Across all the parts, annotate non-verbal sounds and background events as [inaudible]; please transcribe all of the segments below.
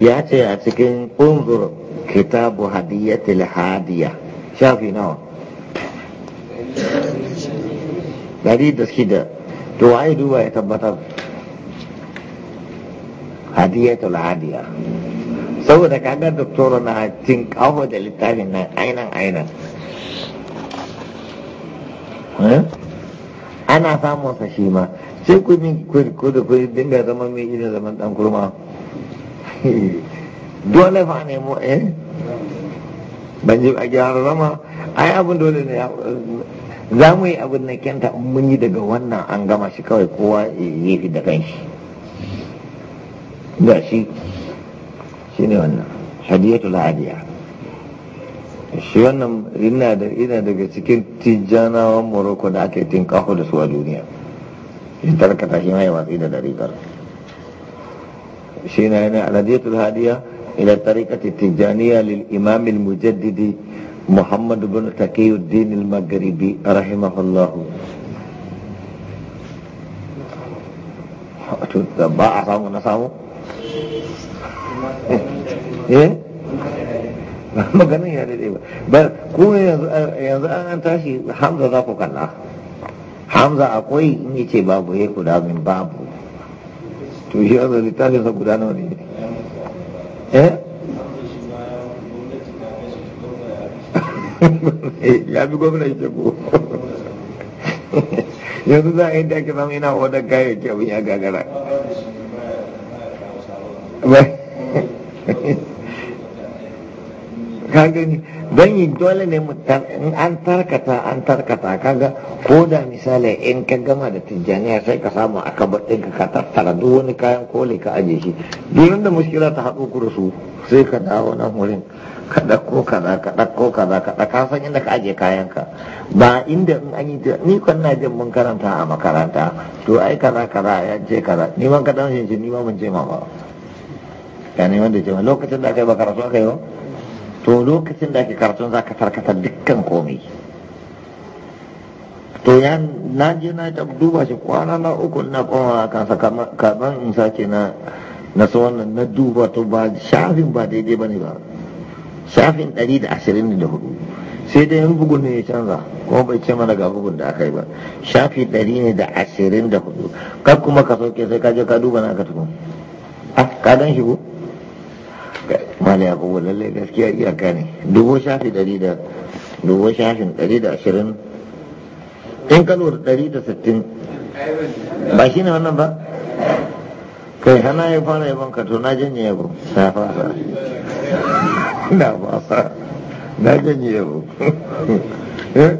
ya ce a cikin unzur kitabu hadiyatul hadiya shafi nawa dari da shida to yi duba ya tabbatar hadiyatul hadiya saboda kaga doktora na cin kawo da littafin nan ainan ainan eh? ana samun sa shi ma sai ku dinga zama mai ina zaman dan kurma [laughs] dole fa mu eh ban ji a gyara zama ai abin dole ne za mu yi abin na kenta mun yi daga wannan an gama shi kawai kowa ya fi da kanshi ga shi shi ne wannan hadiyatul hadiya shi wannan ina daga cikin tijjanawan morocco da ake tinkaho da su a duniya shi tarkata shi mai watsi da dariƙar شين هنا الهدية الهادية إلى الطريقة التجانية tijaniya, lil محمد بن تقي الدين المغربي رحمه الله ba a samu samu? eh? tashi hamza in babu babu to shi wannan littafin sa guda nawa ne eh ya da ake samu ina wadar kayayyaki abin gagara ka gani don yi dole ne in an tarkata an tarkata kaga ko da misali in ka gama da tijjaniya sai ka samu aka baɗin ka tattara duk wani kayan koli ka aje shi durin da muskila ta haɗu kursu sai ka dawo nan wurin ka ɗauko za ka ɗauko za ka ɗauka san inda ka aje kayan ka ba inda in an yi ni kan na jin mun karanta a makaranta to ai kaza kaza ya ce kaza ni man ka ɗan shi ni ma mun ce ma ba yani wanda ce lokacin da aka yi ba aka yi ba to lokacin da ake karatun za ka tarkata dukkan komai to ya na je na ta duba shi kwana na uku na koma kansa kaban in sake na na tsawon wannan na duba to ba shafin ba daidai ba ne ba shafin 124 sai dai yan bugun ne ya canza kuma bai ce mana ga bugun da aka yi ba shafi 124 ne da kar kuma ka sauke sai ka je ka duba na ka tukun ka gan shi ko wani abu lallai gaskiya iyaka ne dubu shafi ɗari da dubu shafin ɗari da ashirin in kalwar dari ɗari da sittin ba shi ne wannan ba kai hana ya fara yabon kato na janye yabo na fasa na fasa na janye yabo [laughs] eh?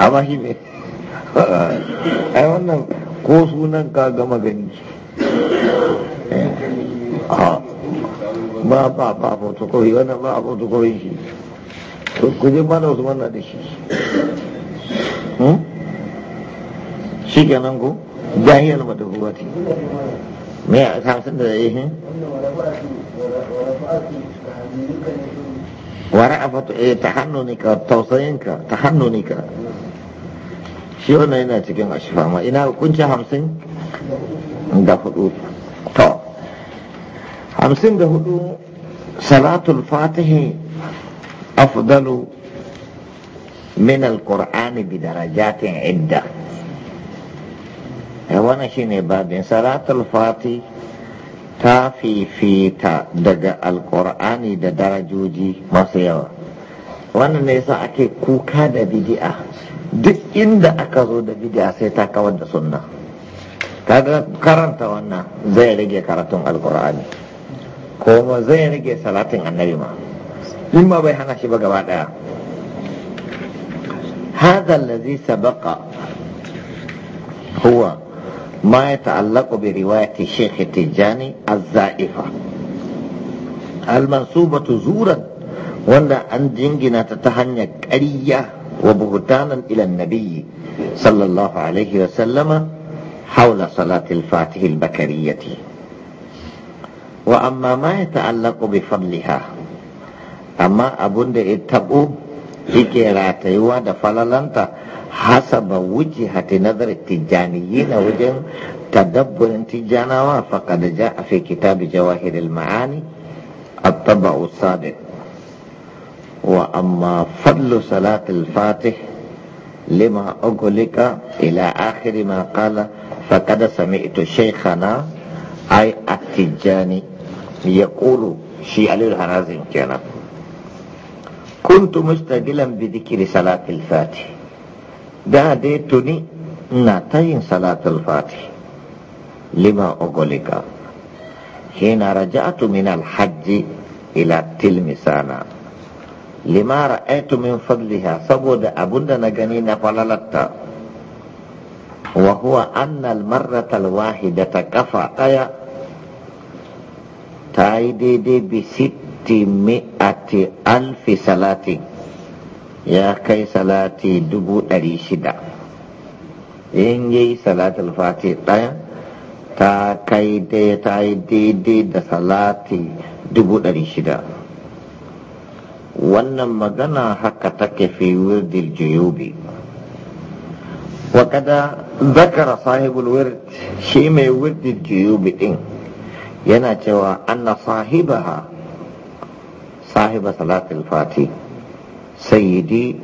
amma shi ne [laughs] ai wannan ko sunan ka gama gani eh. ah. ba ba ba fotokofi wannan ba a fotokofi shi to ku je mana wasu wannan da shi hmm? shi kenan ko jahiyar madahuwati me a kasan da yi wara'afatu eh tahannunika tausayinka tahannunika shi wannan yana cikin ashfama ina kunci hamsin da hudu to hamsin da hudu salatul fatihi afdalu min alqur'ani bi darajatin idda eh, wannan shine babin salatul fati ta fifita daga alqur'ani da darajoji masu yawa wannan ne yasa ake kuka da bidi'a duk inda aka zo da bidi'a sai ta kawar da sunna kaga karanta wannan zai rage karatun alqur'ani kuma zai rage salatin annabi ma in ma bai hana shi ba gaba daya هذا الذي سبق هو ما يتعلق برواية الشيخ التجاني الزائفة المنصوبة زورا وانا ان جنجنا تتهنى كرية وبهتانا الى النبي صلى الله عليه وسلم حول صلاة الفاتح البكرية wa amma ma ya ta'allaku bi fadliha amma abun da ya yake ratayuwa da falalanta hasaba hati nazar tijjaniyyin wajen tadabburin tijjanawa faqad ja'a fi kitab jawahir maani at-tab'u sadiq wa amma fadlu salat al-fatih لما أغلق إلى آخر da sami فقد سمعت شيخنا أي التجاني يقول شيء علي الهنازم كان كنت مشتغلا بذكر صلاة الفاتح ديتني نتين صلاة الفاتح لما أقولك حين رجعت من الحج إلى تلمسانا لما رأيت من فضلها صبود أبونا نجنين فللتا وهو أن المرة الواحدة كفى ta yi daidai bi mi'ati alfi salati ya kai salati dubu ɗari shida in yi salatul fati ɗaya ta kai dai ta daidai da salati dubu ɗari shida wannan magana haka take fi wirdil juyubi wa kada zakara sahibul wird shi mai wirdil juyubi ɗin yana cewa anna sahibaha sahiba salatul fati sayyidi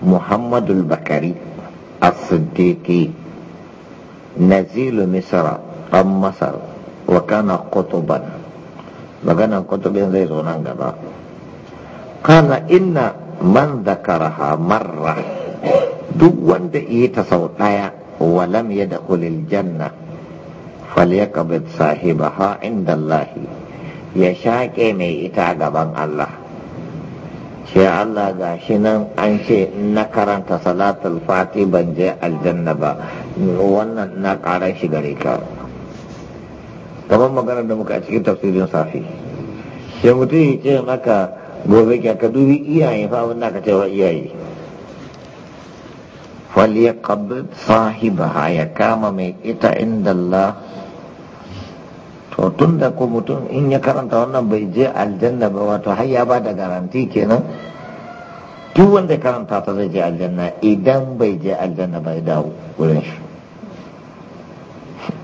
muhammadul bakari as-siddiqi nazilu misra an masar wa kana qutuban maganan qutubin zai zo nan gaba kana inna man dhakaraha marra duk wanda yi ta sau daya walam lam yadkhulil janna falyakabit sahibaha Allah ya shaƙe mai ita gaban Allah sai Allah ga shi nan an ce na karanta salatul fati ban je aljanna ba wannan na ƙara shi gare ka kamar maganar da muka a cikin tafsirin safi sai mutu ya ce maka gobe ya ka dubi iyaye fa abin da ka ce iyaye falyakabit sahibaha ya kama mai ita Allah. to tun da ko mutum in ya karanta wannan bai je aljanna ba wato har ya ba da garanti kenan duk wanda ya karanta ta zai je aljanna idan bai je aljanna ba ya dawo wurin shi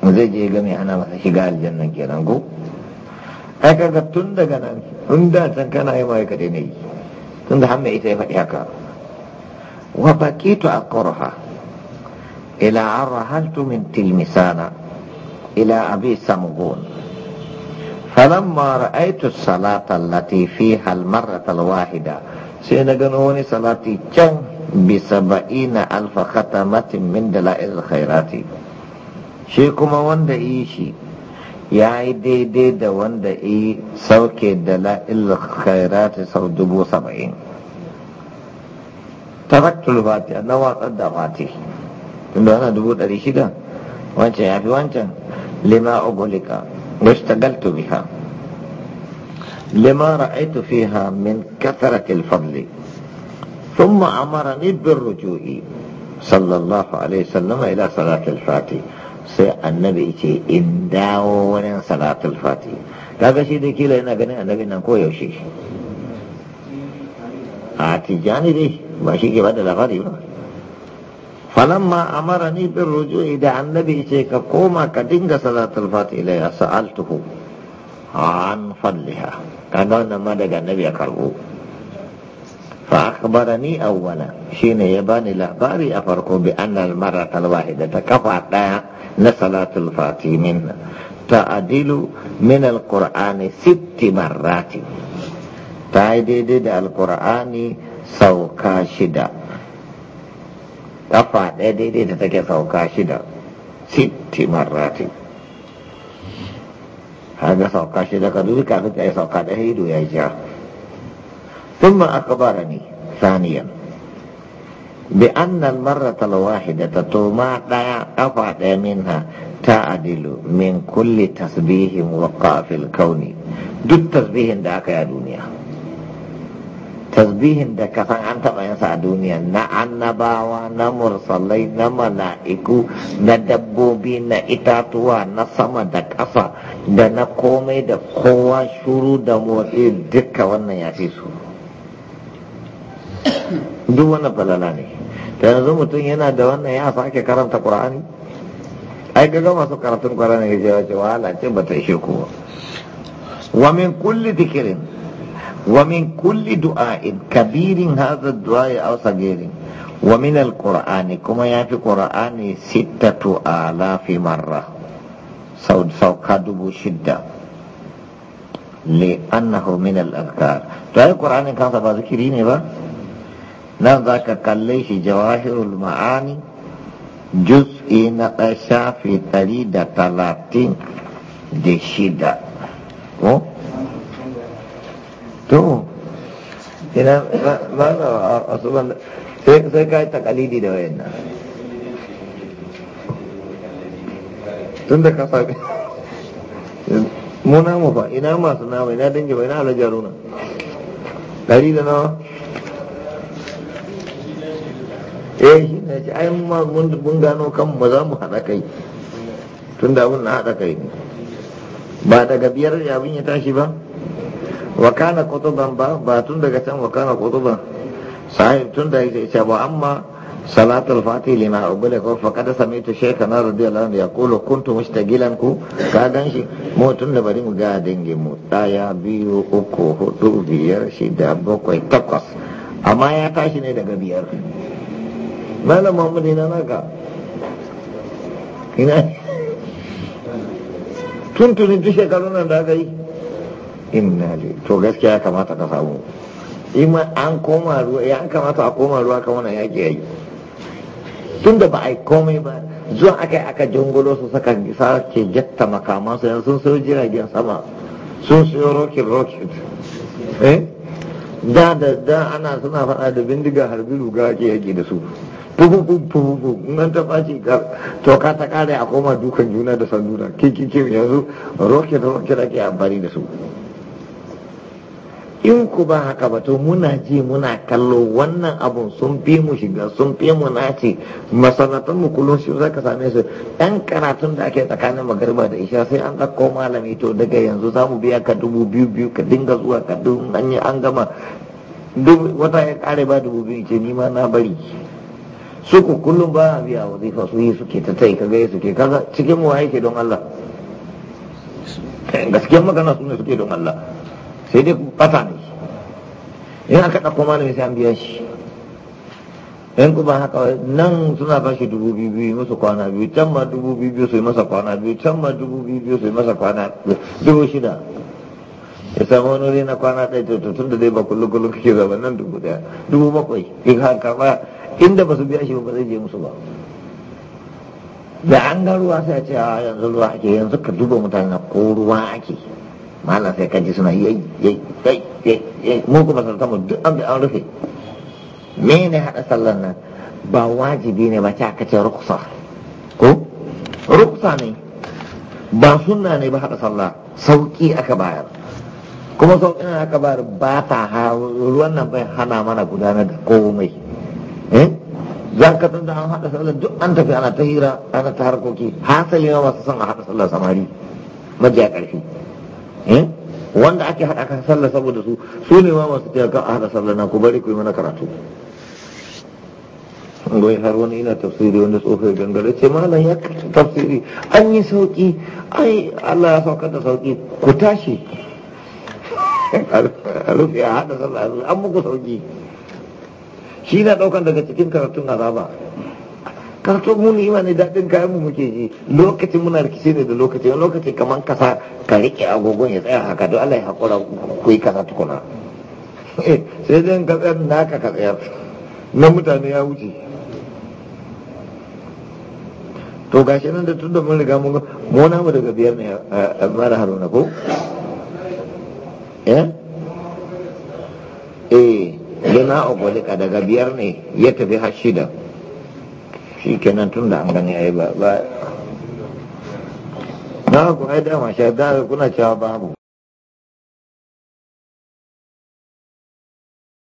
zai je game ana masa shiga aljanna kenan ko ai kaga tun daga nan tun da can kana yi mai kaɗai ne tun da hamma ita ya faɗi haka wa baqitu aqraha ila arhaltu min tilmisana إلى أبي سمغون فلما رأيت الصلاة التي فيها المرة الواحدة سينغنوني صلاة كم بسبعين ألف ختمة من دلائل الخيرات شيكما وند إيشي ya دي دي دا wanda إي sauke دلائل الخيرات سو دبو سبعين تركت الفاتحة fati na watsar da دبو inda ana wancan ya fi wancan lima ugulika washtagaltu biha lima ra'aitu fiha min katharatil fadli ثم ni بالرجوع صلى Sallallahu alaihi وسلم Ila صلاة Fati sai annabi ce in dawo wani salatul fati ga shi dai kila yana ganin annabi nan ko yaushe a tijjani dai ba shi ke bada labari ba falamma ni bin ruju'i da annabi ce ka koma ka dinga salatul fatiha ya sa'altuhu an falliha kaga wannan ma daga annabi ya karbo fa akhbarani awwala shine ya bani labari a farko bi anna al marata al wahidata kafa daya na salatul fatiha min ta'dilu min al qur'ani sitti marrati ta daidai da al qur'ani sauka shida kafa ɗaya daidai da take sauka shida sitti marrati haka sauka shida ka dubi kafin ta yi sauka da hido ya ja sun ma aka bara ne saniyan bi annal marrata alwahidata to ma ɗaya kafa ɗaya minha تعدل من كل تسبيح وقع في الكون دو التسبيح ده يا دنيا tasbihin da kasan an taɓa yansa a duniya na annabawa na mursalai na mala'iku na dabbobi na itatuwa na sama da ƙasa da na komai da kowa shuru da motsi duka wannan ya fi su duk wannan falala ne da yanzu mutum yana da wannan ya sake karanta ƙur'ani ai gaga masu karatun ƙur'ani ya ce wahala ce ba ta ishe kowa wa min kulli dikirin. ومن كل دعاء كبير هذا الدعاء أو صغير ومن القرآن كما يأتي القرآن ستة آلاف مرة سود سوكادب شدة لأنه من الأذكار دعاء القرآن كان سبا ذكرين با نذاك كليش جواهر المعاني جزء نقشا في تريد تلاتين دشدة to ina ba na a suban sai ka yi takalidi da wayan nan tun da ka sami mu namu ba ina masu nama, ina dangi ba ina alajar runa ɗari da nawa eh shi ne ce ai ma mun gano kan ba za mu haɗa kai tun da abin na haɗa kai ba daga biyar abin ya tashi ba wa kana qutuban ba ba tun daga can wa kana qutuban sahib tun da yake cewa amma صلاة الفاتح لما أبلغ فقد سمعت شيخنا رضي الله عنه يقول كنت مشتغلا كو كاغان شي mu tun da bari mu ga dangin mu daya biyu uku hudu biyar shida bakwai takwas amma ya tashi ne daga biyar malam Muhammad ina naka ina tun tuni duk shekarun nan da aka yi inna li to gaskiya kamata ka samu Ima, an koma ruwa ya eh, an kamata a koma ruwa kamar nan yake yayi tun da ba a yi komai ba zuwa aka yi aka jungulo su saka ke jatta makaman su yanzu sun sayo jiragen sama sun sayo rocket rocket eh da da da ana suna faɗa da bindiga harbi ruga ke yaki da su fufufufufu nan ta faci to ka ta kare a koma dukan juna da sanduna kikiki yanzu rocket rocket ake amfani da su in ku ba haka ba to muna ji muna kallo wannan abun sun fi mu shiga sun fi mu naci masarrafin mu kullum shi zaka same su ɗan karatun da ake tsakanin magariba da isha sai an ɗauko malami to daga yanzu za mu biya ka dubu biyu biyu ka dinga zuwa ka dubu an yi an gama wata ya kare ba dubu biyu ce ni ma na bari su ku kullum ba a biya wazifa su yi suke ta tai kaga suke kaga cikin mu ke don Allah gaskiyar magana su ne suke don Allah sai dai bata ne in aka ɗauko malami sai an biya shi in ku ba haka nan suna ba shi dubu biyu biyu masa kwana biyu can ma dubu biyu biyu sai masa kwana biyu can ma dubu biyu biyu sai masa kwana dubu shida ya samu wani wuri na kwana ɗaya to tun da dai ba kullum kullum kake zaba nan dubu ɗaya dubu bakwai in har karɓa inda ba su biya shi ba zai je musu ba da an ga ruwa sai a ce a yanzu ruwa ake yanzu ka duba mutane ko ruwa ake mala sai kaji suna yayi yayi yayi mu kuma san duk an an rufe me ne hada sallar nan ba wajibi ne ba ta kace ruksa ko ruksa ne ba sunna ne ba hada sallah sauki aka bayar kuma sauƙin aka bayar ba ta ruwan nan bai hana mana gudanar da komai za eh? ka da an haɗa sallar duk an tafi ana ta hira ana ta harkoki hasali ma masu son a haɗa sallar samari majiya ƙarfi Eh? wanda ake haɗa kan sallah saboda su su ne ma masu a haɗa sallah na ku bari ku yi mana karatu wai har wani ina tafsiri wanda tsofe gangare ce malam ya tafsiri an yi sauki ai Allah ya saukar da sauki ku tashi a [laughs] rufe a haɗa sallah an muku sauki shi na ɗaukan daga cikin karatun azaba karto mu ni ne daɗin kayan mu muke yi. lokacin muna rikice ne da lokaci wani lokaci kamar kasa ka rike agogon ya tsaya haka don Allah ya haƙura ku yi kasa tukuna eh, sai dai ka tsayar naka ka tsayar na mutane ya wuce to gashi nan da tunda mun riga mun mu na mu daga biyar ne a mara haruna ko eh eh yana ogolika daga biyar ne ya tafi har shida shi kenan tun da an gani ya yi ba ba na ku ai dama shi kuna cewa babu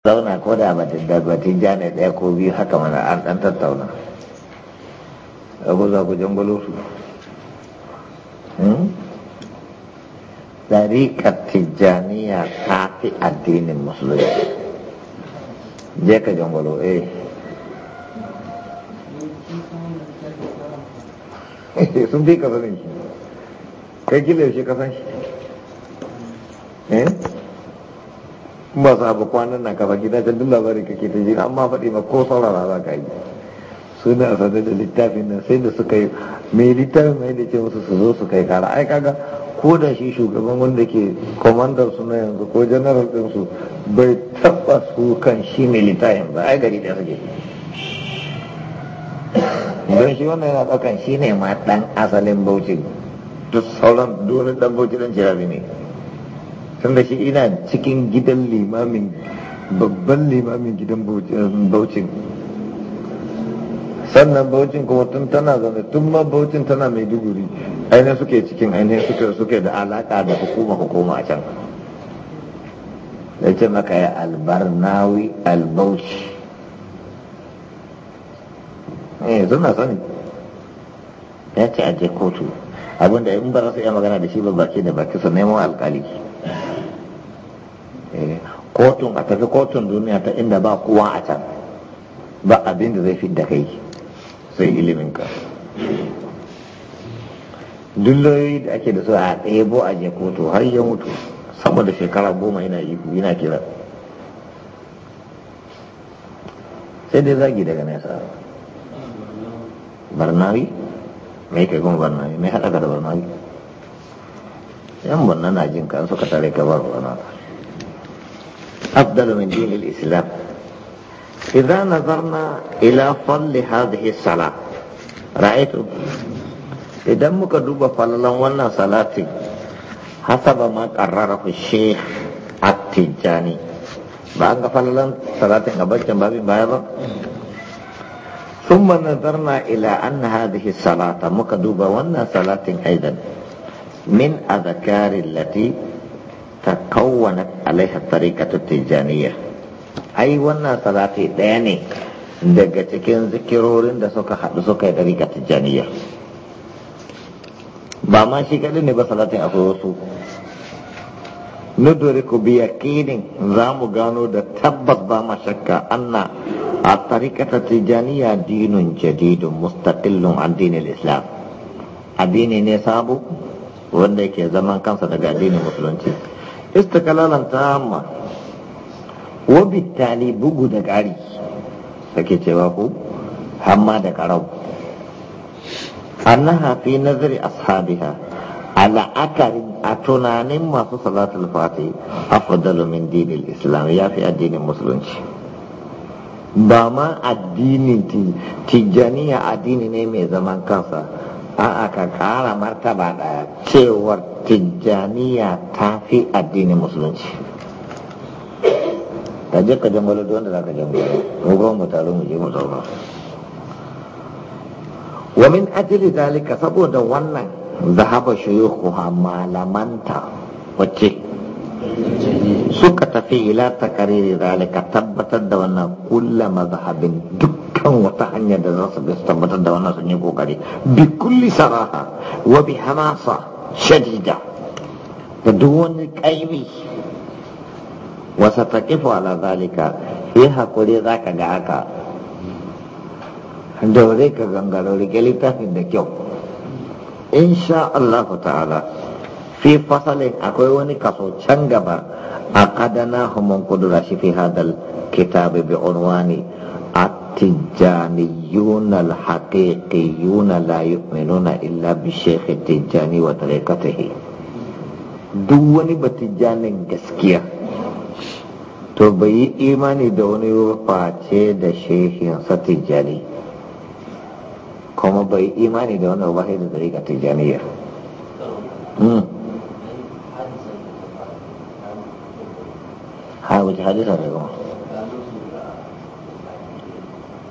zauna ko da da batun ne ɗaya ko biyu haka mana an ɗan tattauna ko za ku jangolo su hmm? ɗariƙar tijjaniya ta fi addinin musulunci je ka jangolo eh [laughs] sun fi ka shi kai kila yaushe ka san shi eh ba kwanan nan kafa gida can duk labari kake ta jira amma faɗi ba ko saurara za ka yi suna a da littafin nan sai da suka yi mai littafin mai da ce musu su zo su kai kara ai ga ko da shi shugaban wanda ke komandar su na yanzu ko janaral ɗinsu bai taɓa su kan shi mai littafin ba ai gari ɗaya suke don shi wannan yana ɗaukan shi ne ma ɗan asalin bauchi duk sauran duwani ɗan bauchi ɗan jirami ne tunda shi ina cikin gidan limamin babban limamin gidan baucin eh, sannan baucin kuma tun tana zaune tun ma baucin tana mai duguri ainihin suke cikin ainihin suke suke da alaƙa da hukuma hukuma a can da ce maka ya albarnawi albauchi eh suna sani ya ce aje kotu abinda in ba su iya magana da shi ba baki da baki su nemo alkali eh, kotun a tafi kotun duniya ta inda ba kowa a can ba abin da zai fidda kai sai ka. dulloyi da ake da su a ɗebo a je kotu har ya mutu saboda shekara goma yana ihu yana kira sai dai zagi daga nesa barnawi mai kai kuma barnawi mai haɗa da barnawi yan barna na jin ka suka tare ka bar barna afdalu min dinil islam idza nazarna ila fadli hadhihi salat ra'aytu idan muka duba falalan wannan salatin hasaba ma qarrarahu shaykh at-tijani ba an ga falalan salatin a bakin baya ba ثم نظرنا إلى أن هذه الصلاة مكدوبة وأن صلاة أيضا من أذكار التي تكونت عليها الطريقة التجانية أي وأن صلاة داني daga cikin zikirorin da suka haɗu suka yi ɗariƙa tijjaniya ba ma shi kaɗai ne ba salatin akwai wasu nuduriku bi yakinin za mu gano da tabbas ba ma shakka anna a tarikata tijaniya dinun jadidun mustaqillun addinin islam addini ne sabu wanda yake zaman kansa daga addinin musulunci istikalalan ta amma wabittali bugu da gari sake cewa ku hamma da karau annaha fi nazari ashabiha a la'akari, a tunanin masu salatul fati afdalu min dinil islam ya fi addinin musulunci ba ma addinin tijjaniya addini ne mai zaman kansa a aka kara martaba daya cewar tijjaniya ta fi addinin musulunci Ka je ka jangwalo da wanda za ka jangwalo rugon mu taro mu je mu zauna wa min ajili zalika saboda wannan zahaba shuyukhuha malamanta wacce suka tafi ila takariri zalika tabbatar da wannan kulla mazhabin dukkan wata hanya da za su bi su tabbatar da wana sun yi kokari bi kulli saraha wa bi shadida da duk wani kaimi wasa taqifu ala zalika sai hakuri zaka ga haka daure ka gangaro rike littafin da kyau in sha Allah ta'ala fi fasalin akwai wani kaso can gaba a kadana homon kudura shi fi hadal kitabi bi unwani attijani yunal haqiqi yuna la yu'minuna illa bi sheikh tijani wa tariqatihi duk wani batijanin gaskiya to bai yi imani da wani face da shahinsa sa kuma bai imani da wannan wahayi da da tsarika tijaniya hmm. ha wuce hadisa da goma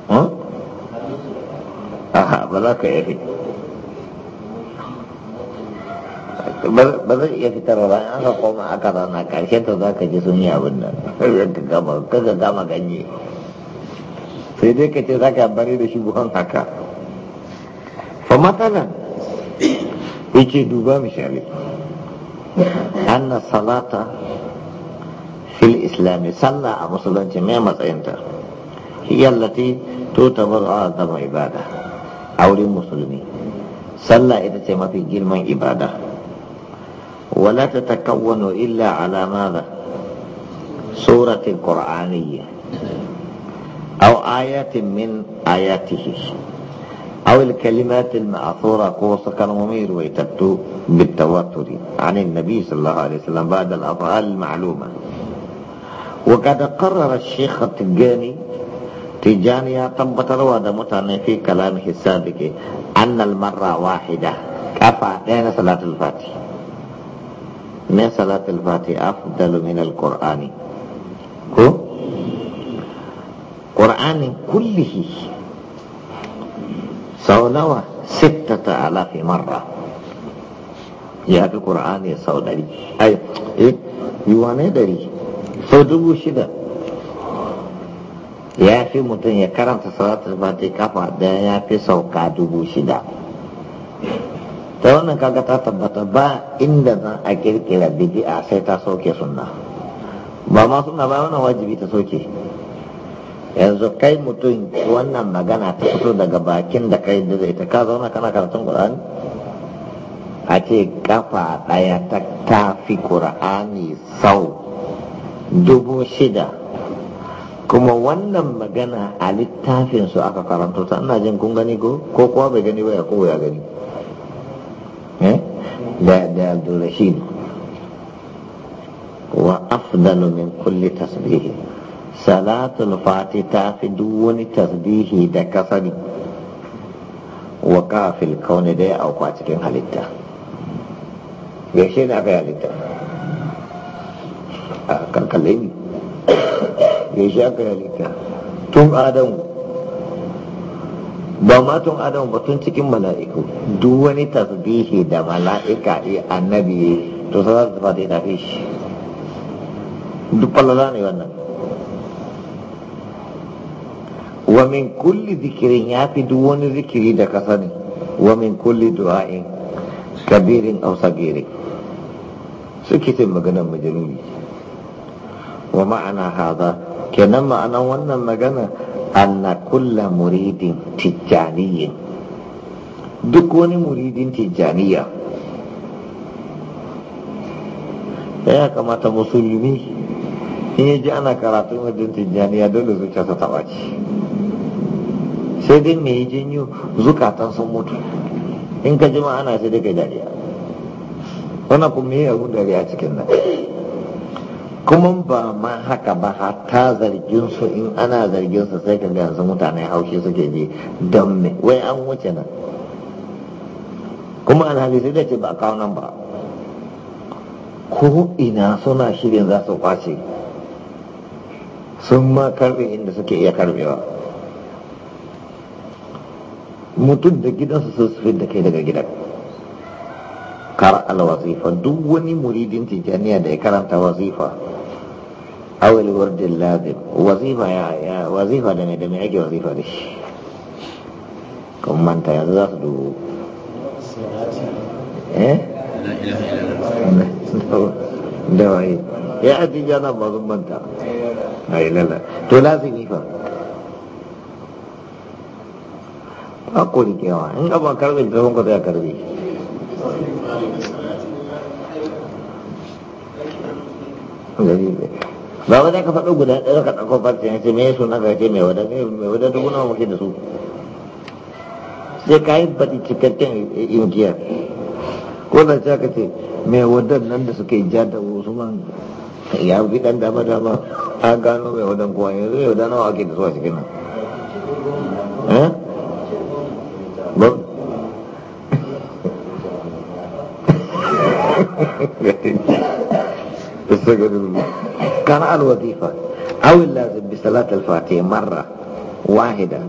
hmm? aha ba za ka yafi ba zai iya fitar ba an ka koma aka rana karshe ta za ka ji sun yi abin nan kaga gama ganye sai dai ka ce za ka bari da shi buhan haka فمثلا يجي دوبا مثالي أن الصلاة في الإسلام صلى مسلم جميع مطعينتا هي التي تعتبر أعظم عبادة أو للمسلمين صلى إذا ما في جيل من عبادة ولا تتكون إلا على ماذا سورة قرآنية أو آيات من آياته أو الكلمات المأثورة قوس كان ممير ويتبتو بالتواتر عن النبي صلى الله عليه وسلم بعد الأفعال المعلومة وقد قرر الشيخ التجاني تجاني تنبتر وهذا متعني في كلامه السابق أن المرة واحدة كفى لين صلاة الفاتح من صلاة الفاتح أفضل من القرآن قرآن كله sau nawa ta alafi marra ya fi ƙura'ani sau ɗari ai eh, yiwa ne ɗari sau dubu shida ya fi mutum ya karanta salatar fati kafa da ya fi sauka dubu shida ta wannan kaga ta tabbata ba inda zan a kirkira bidi'a sai ta sauke sunna ba ma suna ba wani wajibi ta sauke. yanzu kai mutum wannan magana ta fito daga bakin da kai da ita ka zauna kana karatun ƙur'ani a ce kafa ɗaya ta tafi ƙur'ani sau dubu shida kuma wannan magana a littafin su aka karanto ta ina jin kun gani ko ko kuwa bai gani ba ya kowa ya gani eh? da da Abdulrashid wa afdalu min kulli tasbihi salatul fati ta fi duk wani tasbihi da ka sani wa kafil kauni da ya auka cikin halitta yaushe ne aka yi halitta a kankalle ne yaushe aka yi halitta tun adamu ba ma tun adamu ba tun cikin mala'iku duk wani tasbihi da mala'ika ya annabi to salatul fati ta fi shi duk falala ne wannan wa min kulli zikirin ya fi duk wani zikiri da ka sani wa min kulli du'a'in kabirin aw sagirin suke ce maganar majalumi wa ma'ana haza kenan ma'ana wannan magana anna kulla muridin tijjaniyin duk wani muridin tijjaniya ya kamata musulmi in ya ji ana karatu wajen tijjaniya dole zuciya ta ɓaci sai dai me yi janyo zukatan sun mutu in ka jima ana sai dai kai dariya wannan kuma yi abun dariya cikin nan kuma ba ma haka ba hatta zargin su in ana zargin su sai ka ga yanzu mutane haushi suke ji don me wai an wuce nan kuma alhali sai da ce ba a kawo nan ba ko ina suna shirin za su kwace sun ma karbe inda suke iya karbewa mutum da gidansu sun su da kai daga gidan kar alwazifa duk wani muridin tijjaniya da ya karanta wazifa awil wardin lazim wazifa ya wazifa da mai da mai ake wazifa da shi kan manta yanzu za su dubu eh da waye ya ajiye yana mazun manta ai lalla to lazimi fa ba ku rikewa in abu a karbe da ku zai karbe ba wadda ka faɗo guda ɗaya ka ɗauko farce ya ce me ya suna ka ce mai wadda mai wadda dubu nawa muke da su sai ka yi baɗi cikakken inkiya ko da ce ka ce mai wadda nan da suke ja ya fi dan dama dama a gano mai wadan kuwa yanzu mai wadan nawa ake da su a الوظيفة أو اللازم بصلاة الفاتحة مرة واحدة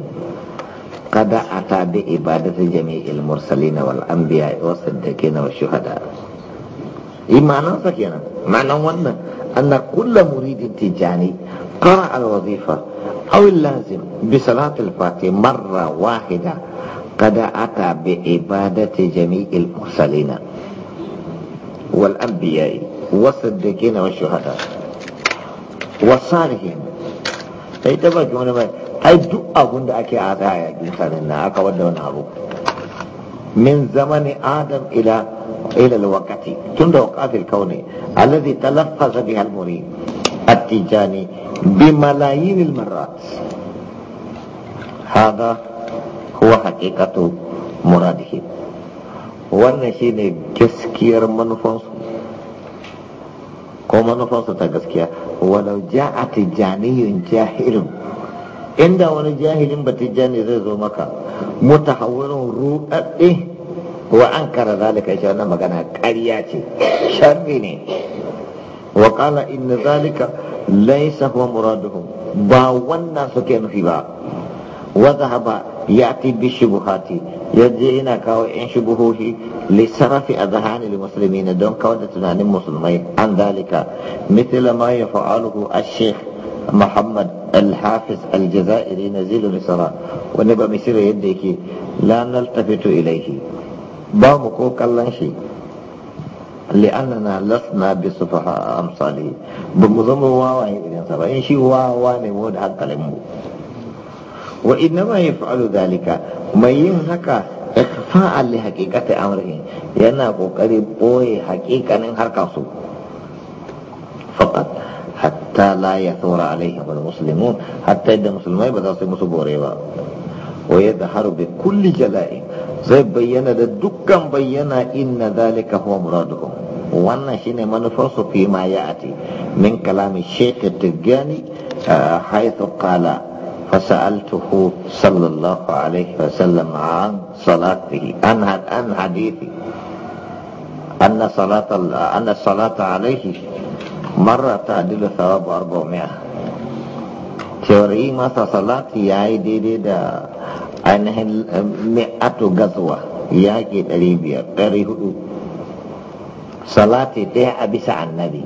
قد أتى بإبادة جميع المرسلين والأنبياء والصديقين والشهداء إيه معنى سكينة معنى ونه أن كل مريد تجاني قرأ الوظيفة أو اللازم بصلاة الفاتحة مرة واحدة قد أتى بإبادة جميع المرسلين والأنبياء والصديقين والشهداء والصالحين sai ta baki wani bai ai duk abun da ake ada ya mutanen na aka wadda wani abu min zamani adam ila إلى الوقت تند أوقات الكون الذي تلفظ بها المريد التجاني بملايين المرات هذا هو حقيقة مراده والنشين جسكير منفوس كو منفوس تجسكير ولو جاء تجاني جاهل عند ولو جاهل بتجاني ذي زومك متحول رؤى إيه. wa an kara zalika shi wannan magana ƙarya ce sharri ne wa qala inna zalika laysa huwa muraduhum ba wannan suke nufi ba wa zahaba yati bi shubuhati yaje yana kawo yan shubuhohi li sarafi azhani lil muslimin don kawo da tunanin musulmai an zalika mithla ma yaf'aluhu ash-shaykh محمد الحافظ الجزائري نزيل مصر ونبقى مصر يديك لا نلتفت إليه babu ko kallon shi li'annana lasna bi sufaha amsali ba mu zama wawaye irin sa ba in shi wawa ne mu da hankalin mu wa innama yaf'alu zalika mai yin haka ikfa'an li haqiqati amrihi yana kokari boye haqiqanin harkar su faqat hatta la yathura alaihim almuslimun hatta da musulmai ba za su musu bore ba wa yadharu bi kulli jala'i zai bayyana da dukkan bayyana inna zalika huwa muraduhum wannan shine manufar su fi ma ya'ati min kalami shaykh at-tigani haythu qala fa sa'altuhu sallallahu صلى wa sallam an salatihi an had an hadithi أن صلاة أن الصلاة عليه مرة تعدل ثواب 400 teori masa salat ya ide da ainihin eh, mi'atu gazuwa ke ɗari biyar ɗari hudu salati ɗaya a bisa annabi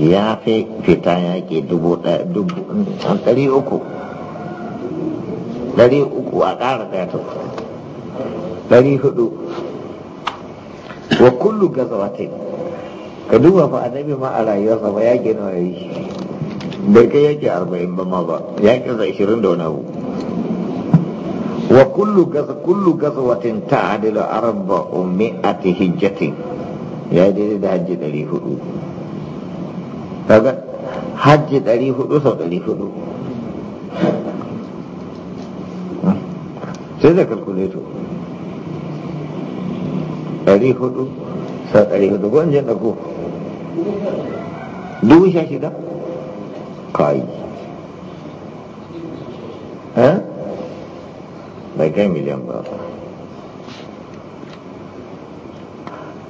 ya fi fita yaƙi dubu mm, ɗari uku ɗari uku a ƙara ɗaya ta ɗari hudu wa kullu ta ka duba fa annabi ma a rayuwarsa ba yaƙi nawa yi bai kai yaƙi arba'in ba ma ba yaƙinsa ishirin da wani abu وكل غزوة كل غزوة تعدل أربعمائة هجة يا دي ده حج دري هدو kaga hajji ɗari hudu sau ɗari hudu sai da kalkuleto ɗari hudu sau ɗari hudu gwanjin ɗago dubu sha shida kai eh bai kai miliyan ba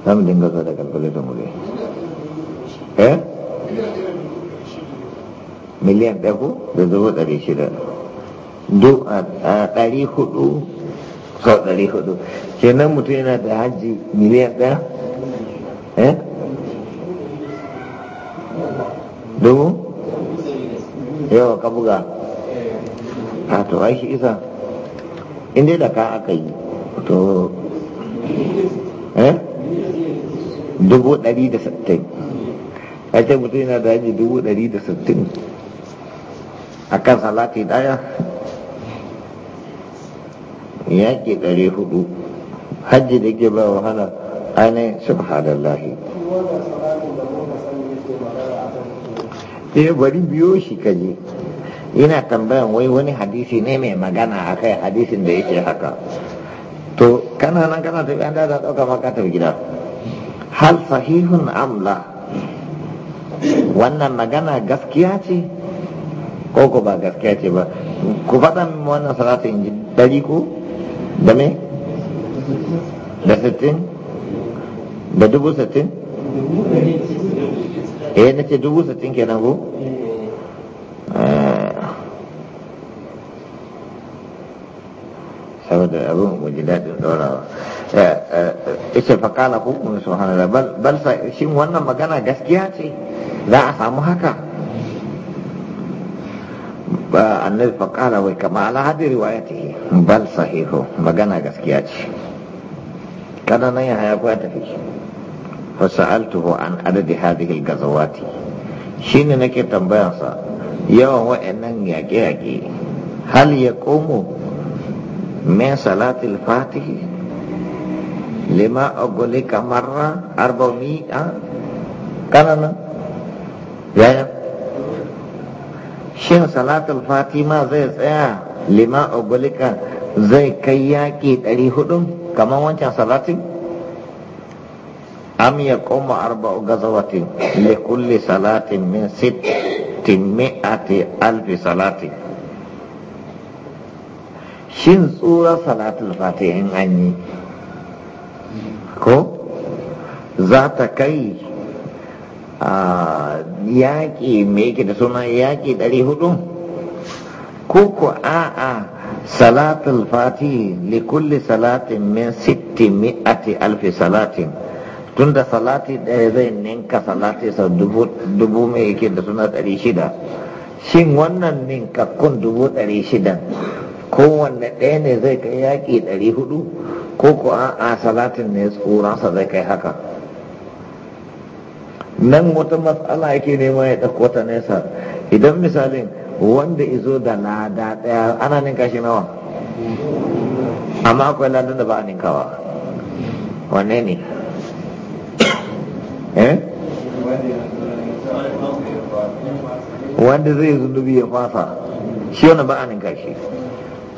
za mu dinga zuwa da kalkuletin da muli. eh miliyan ɗaya ko da zuwa ɗari shida duk ah, a ɗari hudu sau ɗari hudu kenan mutum yana da hajji miliyan ɗaya eh dubu yawa ka buga a ah, to aiki shi isa inda da ka aka yi to eh? dubu ɗari da sattin a ce mutum yana da yaji dubu ɗari da sattin a kan salati ɗaya ke ɗari hudu hajji da ke ba wahala ainihin subhanallahi eh bari biyo shi kaje Ina tambayan wai wani hadisi ne mai magana a kai hadisin da yake haka to kana nan kana tafi an da dauka maka tafi gida hal sahihun amla wannan magana gaskiya ce ko ko ba gaskiya ce ba ku faɗa min wannan salatin ji dari ko da me da sittin da dubu sittin eh na ce dubu sittin kenan ko saboda abin mu ji daɗin ita fakala ko kuma subhanallah bal shin wannan magana gaskiya ce za a samu haka ba annabi fakala wai kama ala hadi riwayati bal sahihu magana gaskiya ce kada nan ya haya ko ya tafi fa an adadi hadhihi al-gazawati shine nake tambayansa yawan wa'annan yaƙe-yaƙe hal ya komo من صلاة الفاتح لما أغلق مرة أربعمائة كان يا shin salatul fatima zai tsaya lima ogolika zai kai yaƙi ɗari hudu kamar wancan salatin am ya koma arba'u gazawatin li kulli salatin min sittin mi'ati alfi salatin shin tsura salatul fatihin in an yi ko za ta kai a yaƙi mai yake da suna yaƙi ɗari hudu ko ko a'a salatul fatihi li kulli salatin min sitti mi'ati alfi salatin tunda salati ɗaya zai ninka salati sau dubu mai yake da suna ɗari shida shin wannan kun dubu ɗari shidan kowanne ɗaya ne zai kai yaƙi ɗari hudu ko ko a salatin ne tsoronsa zai kai haka nan wata matsala yake nema ya ɗauko ta nesa idan misalin wanda izo da lada ɗaya ana ninka shi nawa amma akwai ladan da ba a ninkawa wanne ne eh? wanda zai zunubi ya fasa shi wani ba a ninka shi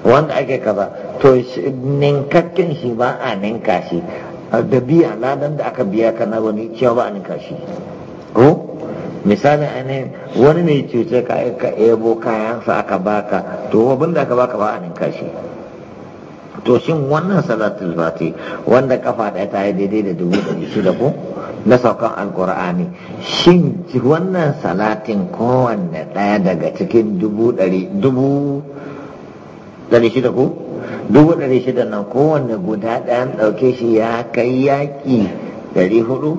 wanda ake kaza to ninkakken shi ba a ninka shi da biya ladan da aka biya kana wani cewa ba a ninka shi ko misali ainihin wani mai cuce ka aika ebo kayansa aka baka to abin da aka baka ba a ninka shi to shin wannan salatul fati wanda kafa ɗaya ta yi daidai da dubu da shida ko na saukan alkur'ani shin wannan salatin kowanne ɗaya daga cikin dubu ɗari dubu ɗari shida ko dubu ɗari shida nan kowanne guda ɗayan ɗauke shi ya kai yaƙi ɗari hudu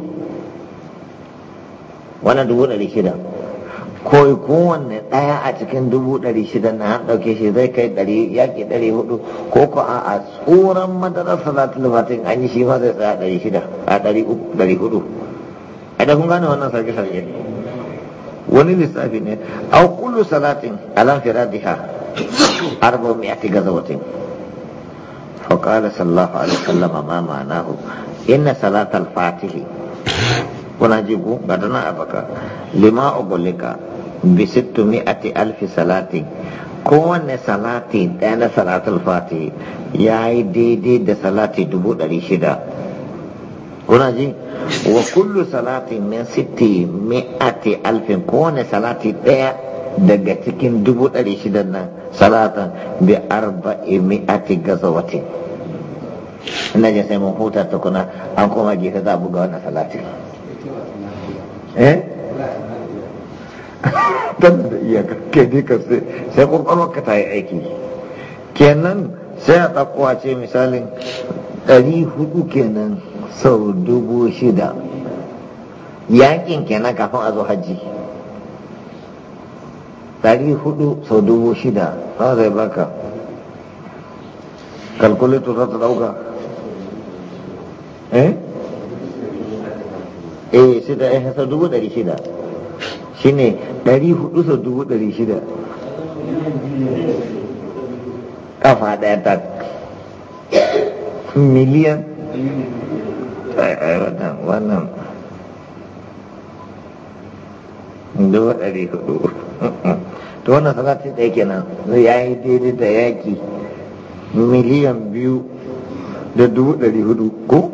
wannan dubu ɗari shida ko kowanne ɗaya a cikin dubu ɗari shida na an ɗauke shi zai kai ɗari yaƙi ɗari hudu ko ko a a tsoron madarar salatul fatin an yi shi ma zai tsaya ɗari shida a ɗari uku ɗari hudu a da kun gane wannan sarki sarki wani lissafi ne a kullu salatin Alam firadiha أربعمائة غزوة فقال صلى الله عليه وسلم ما معناه إن صلاة الفاتح ونجيب بدنا أبكى لما أبلك بستمائة ألف صلاة kowane salati ɗaya na salatul fati ya yi daidai da salati dubu ɗari shida kuna ji wa kullu salatin min sitti mi'ati alfin kowane salati ɗaya daga cikin dubu ɗari shidan nan salatan bi arba'i ati gazawati. ina jin sai mun huta kuna an koma gefe za a buga wannan salatin eh tana [laughs] da iya kake ne ka sai ka ta yi aiki kenan sai a ɗaukowa ce misalin ɗari hudu kenan sau dubu shida yakin kenan kafin a zo hajji ɗari hudu sau dubu shida ba zai baka kalkulator za ta dauka eh eh shida eh sau dubu ɗari shida ne ɗari hudu sau dubu ɗari shida kafa ɗaya ta miliyan wannan dubu ɗari hudu [laughs] to wannan salati ɗaya kenan da ya yi daidai da yaki miliyan biyu da dubu ɗari hudu ko?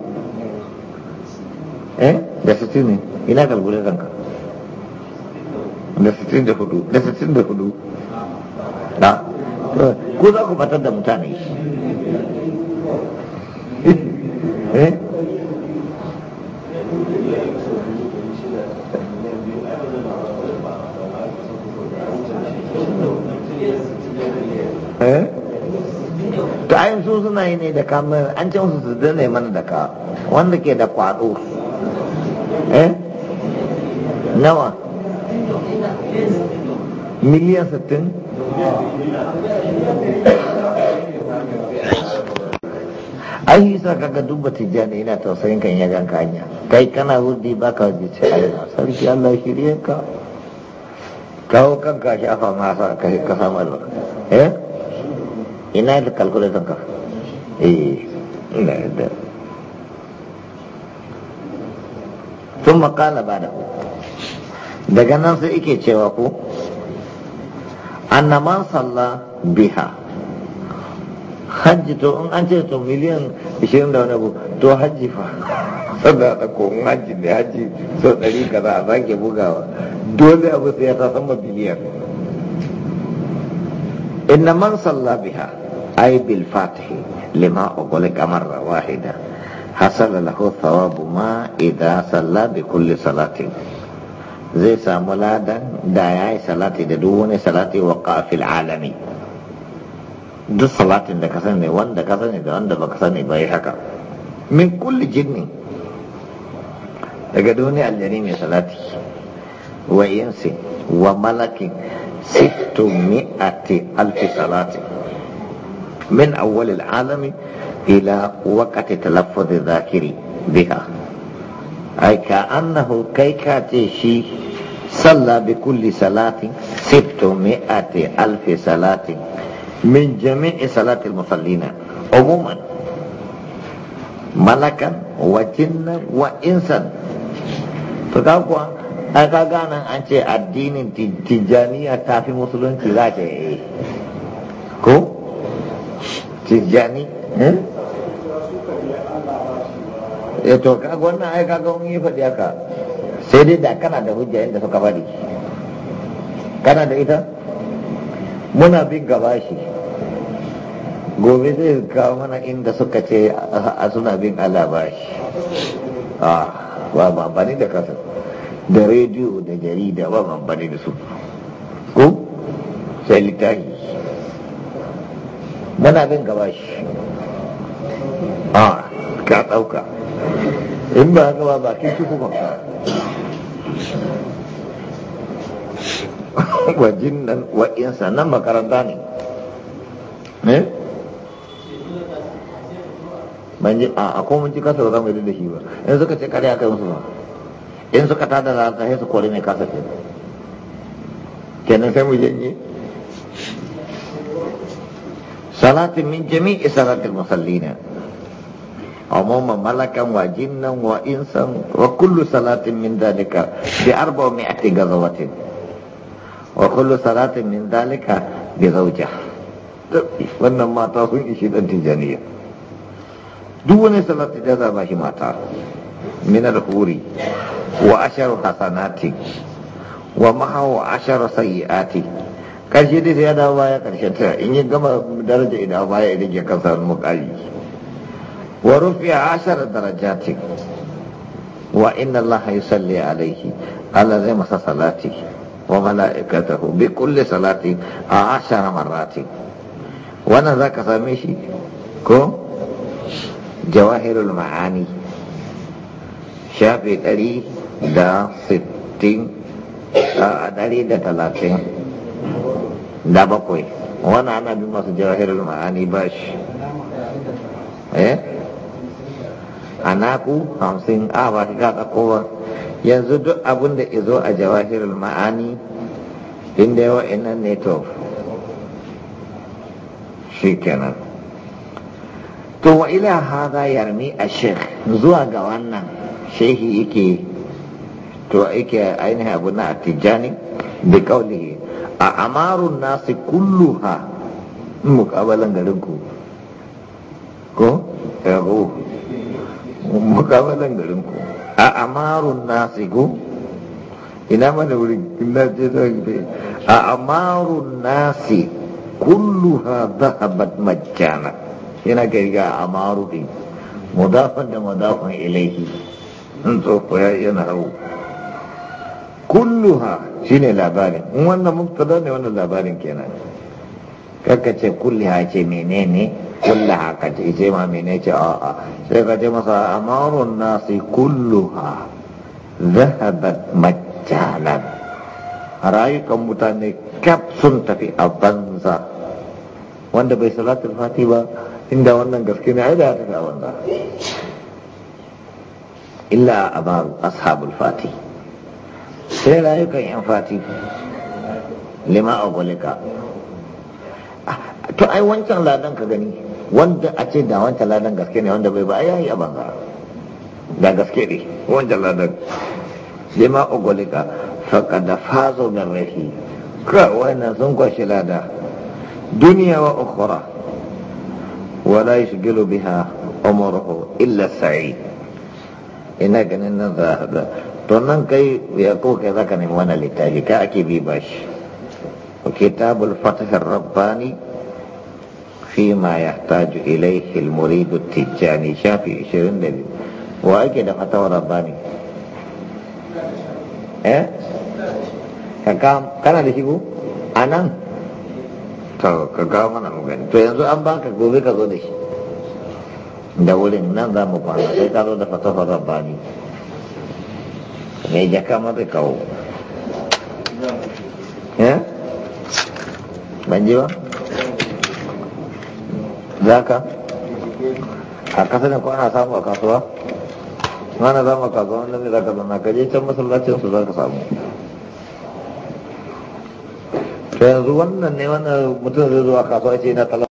eh da sittin ne ina ka lura da sittin da hudu da sittin da hudu na ko za ku fatar da mutane eh to ayin su suna yi ne da kamar an ce musu su dane mana da ka wanda ke da kwado eh nawa miliyan sittin ai isa kaga duba tijjani ina tausayin kan ya ganka hanya kai kana hudi baka ji ce Allah sarki Allah shirye ka kawo kan shi afa ma sa ka samu eh ina da calculator ka eh ina da sun makala ba da daga nan sai ike cewa ku annaman sallah biha hajji to in an ce to miliyan 20 da wani abu to hajji fa sannan da ko in hajji ne hajji so 100 kaza a sake bugawa dole abu sai ya sa sama biliyan inna man salla biha ay bil fatihi lima ughliqa marra wahida hasala lahu thawabu ma idza salla bi kulli salatin zai samu ladan da yayi salati da duk wani salati wa kafin alami duk salatin da ka sani wanda ka sani da wanda ba ka sani bai haka min kulli jinni daga duniya aljani mai salati wa insi wa malakin ستمائة ألف صلاة من أول العالم إلى وقت تلفظ الذاكر بها أي كأنه كي كاتشي صلى بكل صلاة ستمائة ألف صلاة من جميع صلاة المصلين عموما ملكا وجنا وإنسا فقالوا ai ka ganan an ce addinin tijjaniya ta fi musulunci za ce eh ko tijjani eh, eh to ka wannan ai ga wani yi faɗi haka sai dai da kana da hujja inda suka faɗi kana da ita muna bin gaba shi gobe zai kawo mana inda suka ce a suna bin alabashi bashi a ah, ba ba ni da kasar da rediyo da jarida ba bambane da su ko sai littafi muna bin gaba shi a ka ɗauka in ba gaba ba bakin shi kuma [laughs] wajen nan wa'insa nan makaranta ne ne ban ji a akwai mun ci kasa da za yi da shi ba yanzu ka ce kare aka yi musu ba in su tada da ranta sai su kori mai kasa ke kenan sai mu je ni salati min jami'i salati musallina amma malakan wa jinnan wa insan wa kullu salatin min dalika bi arba'a mi'ati gazawatin wa kullu salatin min dalika bi zawja wannan mata sun shi dan tijaniya duk wani salati da za ba shi mata من الغور وعشر حسنات ومحو عشر سيئات karshe dai sai ya dawo baya karshen ta in ya gama daraja ina baya idan ya kansa mukali wa rufiya ashar darajati wa inna allaha yusalli alaihi allah zai masa salati wa mala'ikatahu bi kulli salati a ashara marrati wannan zaka same shi ko jawahirul ma'ani shafi ɗari da sittin a ah, ɗari da talatin da bakwai wani ana bi masu jawahirul ma'ani ba shi eh ku? hamsin a ba shi ga kowa yanzu duk abin da izo a jawahirul ma'ani inda yawa inan ne to shi kenan to wa ila hada yarmi a shek zuwa ga wannan shehi yake to yake ainihin abu na tijjani da kaulihi a amarun nasi kulluha mukabalan garin ku ko yago mukabalan garin ku a amarun nasi ku ina mana wurin ina ce ta a amarun nasi kulluha zahabat majjana yana gariga a amaru din mudafan da mudafan ilaihi in tsofa ya yana hau kulluha shine labarin in wannan mubtada ne wannan labarin kenan kaka ce kulliha ce menene kulluha ka ce ce ma menene ce a a sai ka ce masa amarun nasi kulluha zahabat majalan rayukan mutane kaf sun tafi a banza wanda bai salatul fati ba inda wannan gaske ne ai da ya tafi a banza illa a ba ashabul fati sai rayukan yan fati lima a gulika ah, to ai wancan ladan ka gani wanda a ce da wancan ladan gaske ne wanda bai ba ya yi a banga. da gaske ne wancan ladan lima a gulika faka da fazo da rahi kawai na sun kwashe lada duniya wa ukhra wala yashghalu biha umruhu illa sa'id ina ganin nan za a haɗa to nan kai ya ko kai za ka nemi wani littafi ka ake bi ba shi kitabul fatahar rabbani fi ma ya taju ilaihi muridu tijjani shafi 22 wa ake da fatawar rabbani eh kana da shigo a nan ka kawo mana mu gani to yanzu an baka gobe ka zo da shi da wurin nan za mu kwana sai ka zo da fatafa rabbani mai jaka mata kawo eh? ban ji ba za ka a kasa da kwana samu a kasuwa mana za mu kasuwa wanda mai za ka zana ka je can masallacin su za ka samu ta yanzu wannan ne wannan mutum zai zuwa kasuwa ce na talar